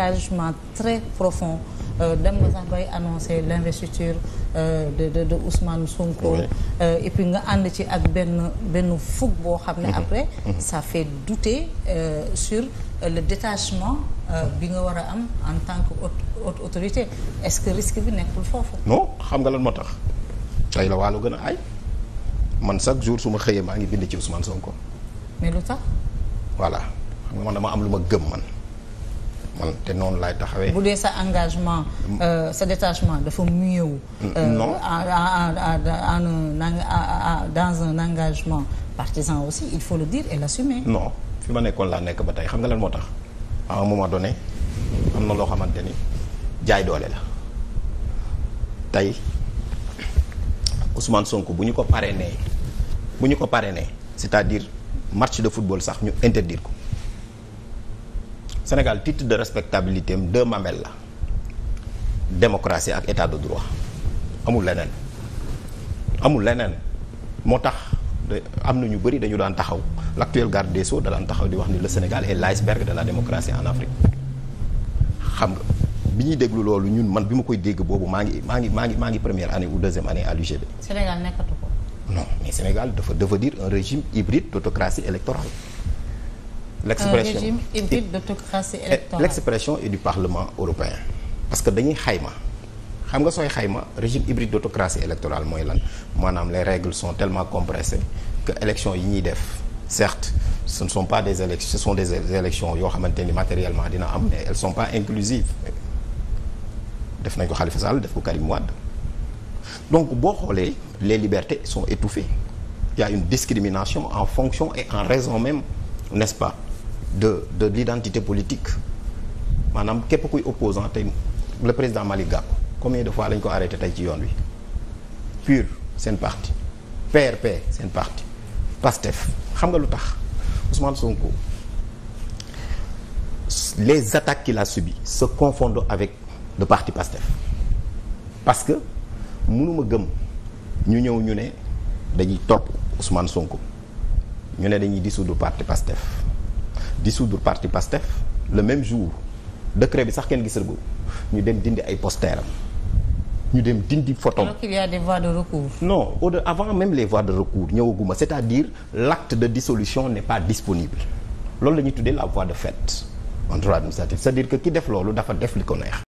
engagement très profond euh, dem nga sax bay annoncer l'investiture euh, de de de Ousmane euh, et puis nga ànd ci ak benn benn fukk boo xam ne mhm. après. Mhm. ça fait douter sur le détachement bi nga war a am en tant que autorité est-ce que risque bi nekkul foofu. non xam nga lan moo tax tey la waalo gën a aay man chaque jour su ma xëyee maa ngi bind ci Ousmane Sonko. mais lu tax. voilà xam nga man dama am lu ma gëm man. man te noonu laay taxawee. bu dee sa engagement euh, sa détachement dafa mieux wu. en dans un engagement partisan aussi il faut le dire et l'assumer. non fi ma nekkoon laa nekk ba tey xam nga lan moo tax à un moment am na loo xamante ni jaay doole la tey Ousmane Sonko bu ñu ko parrainé bu ñu ko parrainé c'est-à-dire match de football sax ñu interdire ko. Sénégal titre de respectabilité am deux mamelles la démocratie ak état de droit amul leneen amul leneen moo tax am na ñu bëri dañu daan taxaw l' actuel garde des Sceaux da daan taxaw di wax ni la Sénégal est l'iceberg de la démocratie en Afrique xam nga bi ñuy déglu loolu ñun man bi ma koy dégg boobu maa ngi maa ngi maa ngi maa ngi première année ou deuxième année à l'UGB. Sénégal nekkatu ko. non mais Sénégal dafa devenir un régime hybride d' électorale. l'expression un régime hybride d'autocratie électorale l'expression est du parlement européen parce que dañuy xayma xam nga sooy xayma régime hybride d'autocratie électorale mooy lan maanaam les règles sont tellement compressées que élection yi ñuy def certes ce ne sont pas des élections ce sont des élections yoo xamante ni matériellement dina am mais elles sont pas inclusives def nañ ko Khalifa Sall def ko Karim Wade donc boo xoolee les libertés sont étouffées il y a une discrimination en fonction et en raison même n'est-ce pas de de l'identité politique maanaam képp kuy opposant tey le président Malick Gakou combien de fois lañ ko arrêté tey ci yoon wi PUR seen parti PRP seen parti PASTEF xam nga lu tax Ousmane Sonko les attaques qu'il a subies se confondent avec de parti PASTEF parce que mënuma gëm ñu ñëw ñu ne dañuy topp Ousmane Sonko ñu ne dañuy dissoudre parti PASTEF di dissoudre parti PASTEF le même jour décret bi sax kenn gisagu ñu dem dindi ay posteram ñu dem dindi photo alors qu'il a des de recours. non au de avant même les voies de recours ñëwaguma c'est-à-dire l'acte de dissolution n'est pas disponible loolu la ñuy tuddee la voie de fait en droit administratif c'est-à-dire que ki def loolu dafa def li ko neex.